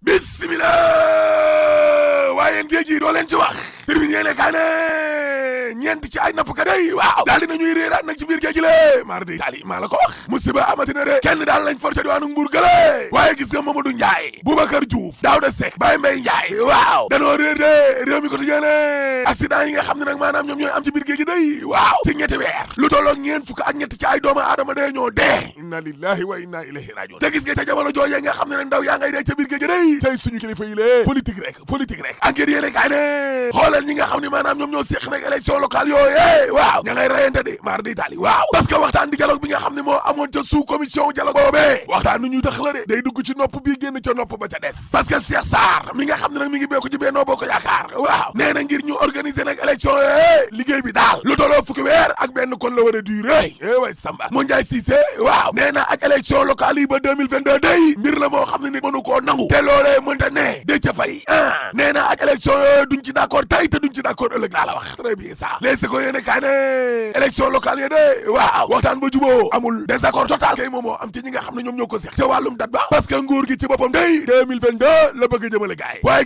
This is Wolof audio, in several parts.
bismillah waaye géej gi doo leen ci wax Tribune yéene kaa ne ñeent ci ay nappkat day waaw daal dina ñuy réeraat nag ci biir le mardi tali maa ko musiba amatina de kenn daal lañ for ca diwaanu Mbuur gële waaye gis nga Mamadou Ndiaye Boubacar Diouf Daouda Seck Baye Mbaye Ndiaye waaw danoo réer de réew mi ko tijéene accident yi nga xam ne nag maanaam ñoom ñooy am ci biir géej gi day waaw ci ñetti weer lu tolloog ñeent fukk ak ñetti ci ay doomu aadama dee ñoo dee inna lillahi wa inna ilayhi rajiun te gis nga ca jamono nga xam ne maanaam ñoom ñoo séq nag élection locale yooyee waaw ña ngay rayante di maar di taali waaw parce waxtaan di dialogue bi nga xam ne moo amoon ca sous commission dialogue boobee waxtaan nu ñuy tax la de ci nopp bii génn ca nopp ba ca des parce que Cheikh mi nga xam ne nag mi ngi bokk ci Benno Bokk Yaakaar waaw nee ngir ñu organiser nag élection liggéey bi daal lu toloo fukki ak benn kon la war a duré eh way Samba mu Ndiaye Cissé waaw nee ak élection locale yi ba 2022 day mbir moo xam ne nit mënu koo nangu te loolee mënta ne dé fay ah nee ak élection yooyu d'accord tey te duñ d'accord ëllëg la wax très bien ça les seco yéene kaa ne élection locale yi de waaw waxtaan ba juboo amul désaccord total kay moom am ci ñi xam ne ñoom ñoo ko seq ca wàllum dat ba parce que nguur ci boppam day 2022 la bëgg a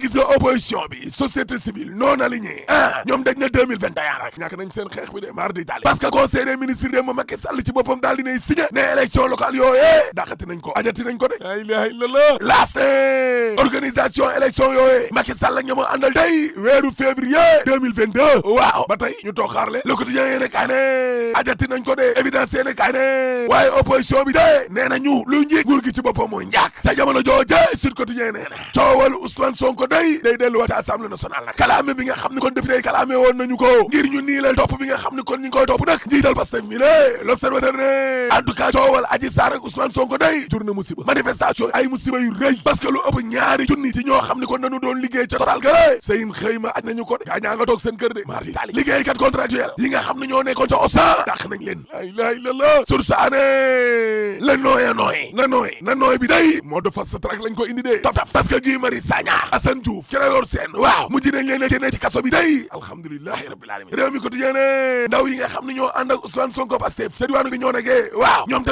jëmale parce que conseil des ministres de moom Macky Sall ci boppam daal dinay ne élection locale yooyee dàqati nañ ko ajati nañ ko de la ilaha illallah last organisation élection yooyee Macky Sall ak ñoo ma àndal tey waaw ba ñu toog xaarle le quotidien yéene kaay ne ajati nañ ko de évidence yéene kaay ne waaye opposition bi de nee na ñu lu njiig gi ci boppam mooy njaak ca jamono jooje Sud Quotidien nee na coowal Ousmane Sonko ko ngir ñu nii la topp bi nga topp nag njiital Pastef mi lé l'observateur coowal Adji Sarr ak Ousmane Sonko day jur na musiba manifestation ay musiba yu rëy parce lu ëpp ñaari junni ci ñoo xam ne ko nanu doon liggéey ca total gëlé sëyin xëy aj nañu ko de gaa ñaa nga toog seen kër de mardi taali liggéeykat yi nga xam ne ñoo nekkoon ca OSA dàq nañ leen la ilaha illallah sur saane la nooy a nooy na nooy bi day moo de fast track lañ ko indi dee taf taf parce que Guy Marius Sagna Assane Diouf Clédor Sène xam non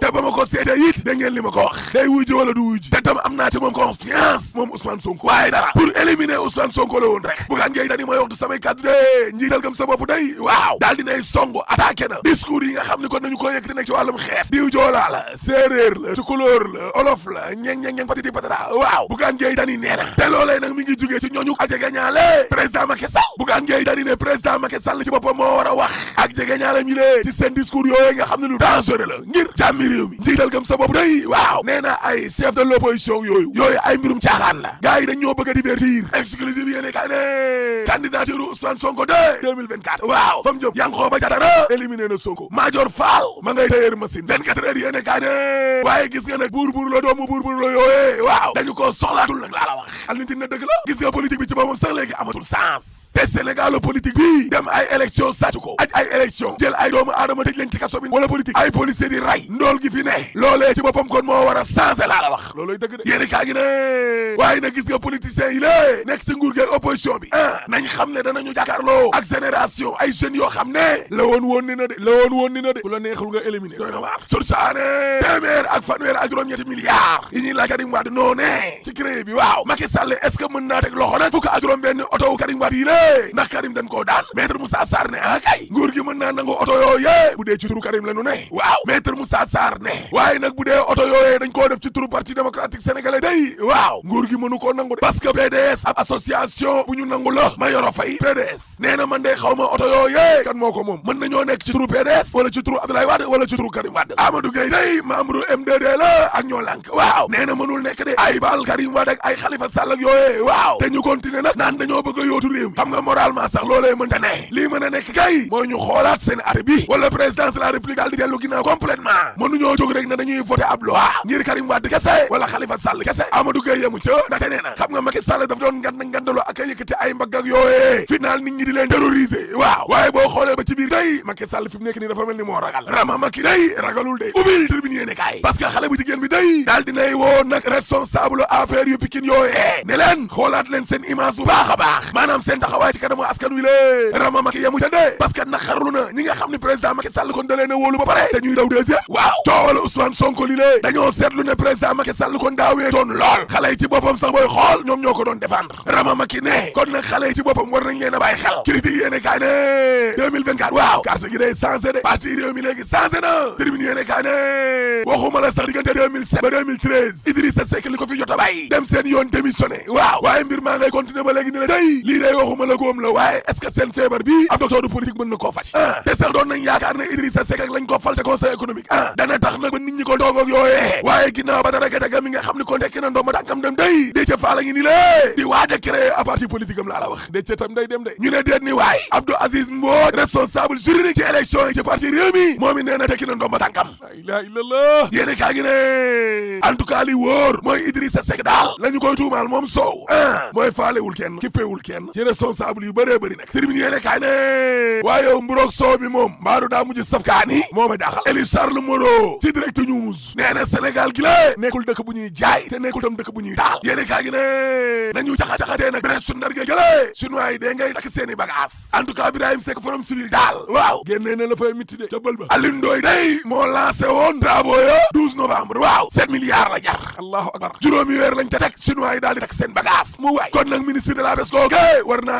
te ba ma ko seetee it da ngeen li wax day wuy ji du wuy te tam am naa ci moom confiance moom Ousmane Sonko waaye dara pour éliminer Ousmane Sonko la rek bugaan ngay dani mooy wax du samay kàddu de njiital gëm sa bopp day waaw daal dinay songo attaqué discours yi nga xam ni kon nañu ko yëkkati nag ci wàllum xeet diw joolaa la séeréer la tukulóor la olof la ñeng ñeng ñeng patiti patata waaw Bougane Gueye Dany nee na te loolee nag mi ngi jugee ci ñooñu ak jegeñaale président Macky Sall Bougane Gueye Dany ne président Macky Sall ci boppam moo war a wax ak jegeñaale mi lee ci seen discours yooyu yooyu ay mbirum caaxaan la gars yi ñoo bëgg a divertir exclusive yéene ka ne candidature Ousmane waaw Sonko Madior Fall ma ngay téyeer machine 24 heures yéene kaa ne waaye gis nga nag buur buur la doomu buur buur la yooyee waaw dañu koo soxlaatul nag laa la wax al nitin na dëgg la gis nga politique bi ci boppam sax léegi amatul sens te Sénégal politique bi dem ay élection sàcc ko aj ay élection jël ay doomu aadama tëj leen ci kaso bi ndool gi fi ne loolee ci boppam kon moo war a laa la wax looloy dëgg de yéeni kaa gi ne waaye nag gis nga politiciens yi lée nekk ci nguur geeg opposition bi ah nañ xam ne danañu jàkkaarloo ak génération ay jeunes yoo xam ne la woon woon ni na de la woon woon ni na de ku la neexul nga éliminer doy na waar sur saane téeméer ak fanweer ak juróom-ñetti yooyee ndax Karim dañ koo daan maître Moussa Sarr ne ah kay nguur gi mën naa nangu oto yooyee bu dee ci turu Karim la ne waaw maître Moussa Sarr ne waaye nag bu dee oto yooyee dañ koo def ci turu parti démocratique sénégalais day waaw nguur gi mënu koo nangu de parce que PDS ab association bu ñu nangu la ma yoro fay PDS nee na man de xaw ma oto yooyee kan moo ko moom mën nañoo nekk ci turu PDS wala ci turu Abdoulaye Wade wala ci turu Karim Wade Amadou Gueye na mënul nekk de ay baal Karim Wade ak ay Khalifa a yootu que moralement sax mënta ne lii mën nekk kay mooy ñu seen at bi wala présidence la république daal di dellu ginnaaw complètement mënuñoo jóg rek ne dañuy voté ab loi Karim Wade kese wala Khalifa Sall kese Amadou Gueye yemu ca ndaxte nee na xam nga Macky Sall daf doon ngand ngandaloo ak yëkkati ay mbagg ak yooyee final nit leen terroriser waaw waaye boo xoolee ba ci biir day Macky Sall fi mu nii dafa mel ni moo ragal rama Macky day ragalul taxawaay ci kanamu askan wi lée rama Macky yamu ca dee parce que naqarlu na ñi nga xam ne président Macky Sall kon da leen a ba pare dañuy daw deuxième waaw coowal Ousmane Sonko li lée dañoo seetlu ne président Macky Sall kon daawee toon lool xale yi ci boppam sax booy xool ñoom ñoo ko doon défendre rama Macky ne kon nag xale yi ci boppam war nañ leen a bàyyi xel critique yéene kaay ne 2024 waaw carte gi ne waxuma la sax diggante waaw waaye mbir maa ngay continuer ba léegi ne la lëgoom la waaye est-ce que feebar bi ab docteur du politique mën na koo faj ah te sax doon nañ yaakaar ne Idrissa Seck ak lañ ko fal ca conseil économique ah. dana tax nag ba ñi ko toogoog yooyee waaye ginnaaw ba dara gadaga mi nga xam ne ko tekki na ndooma dem day dee ca faala ngi ni lée di waaj a parti politique am laa la wax dee ca tam day dem day ñu ne déet ni waaye Abdou Aziz Mbodj responsable juridique ci élection yi ci parti réew moom it nee responsable yu bëree bëri nag tribune yéene kaay ne waaye yow mburoog soow bi moom mbaaru daa mujj safkaani moo ma jaaxal Eli Charles Moreau ci direct news nee na Sénégal gi la nekkul dëkk bu ñuy jaay te nekkul tam dëkk bu ñuy taal yéene kaay gi ne nañu caxa-caxatee nag brèche su ndargee jëlee chinois yi dee ngay takk seeni bagage daal waaw génnee na la fay mitti de ca ba Alioune Ndoye day moo lancé woon travaux ya 12 waaw 7 milliards la jar allahu akbar juróomi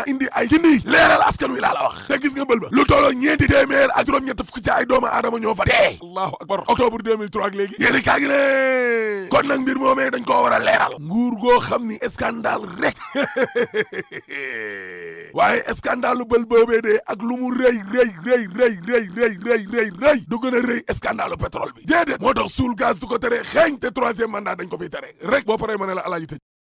indi ay gindi leeral askan wi laa la wax te gis nga ba lu tolloo ñeenti téeméer ak juróom-ñett fukk ci ay doomu aadama ñoo fa dee allahu akbar octobre 2003 ak léegi yéeni kaa gi ne kon nag mbir moomee dañ koo war a leeral nguur goo xam ni scandale rek waaye scandale lu bël dee ak lu mu rëy rëy rëy rëy rëy rëy rëy rëy rëy du gën a rëy scandale pétrole bi déedéet moo tax suul gaz du tere xeeñ te troisième mandat dañ ko fiy tere rek boo paree ma ne la alaaji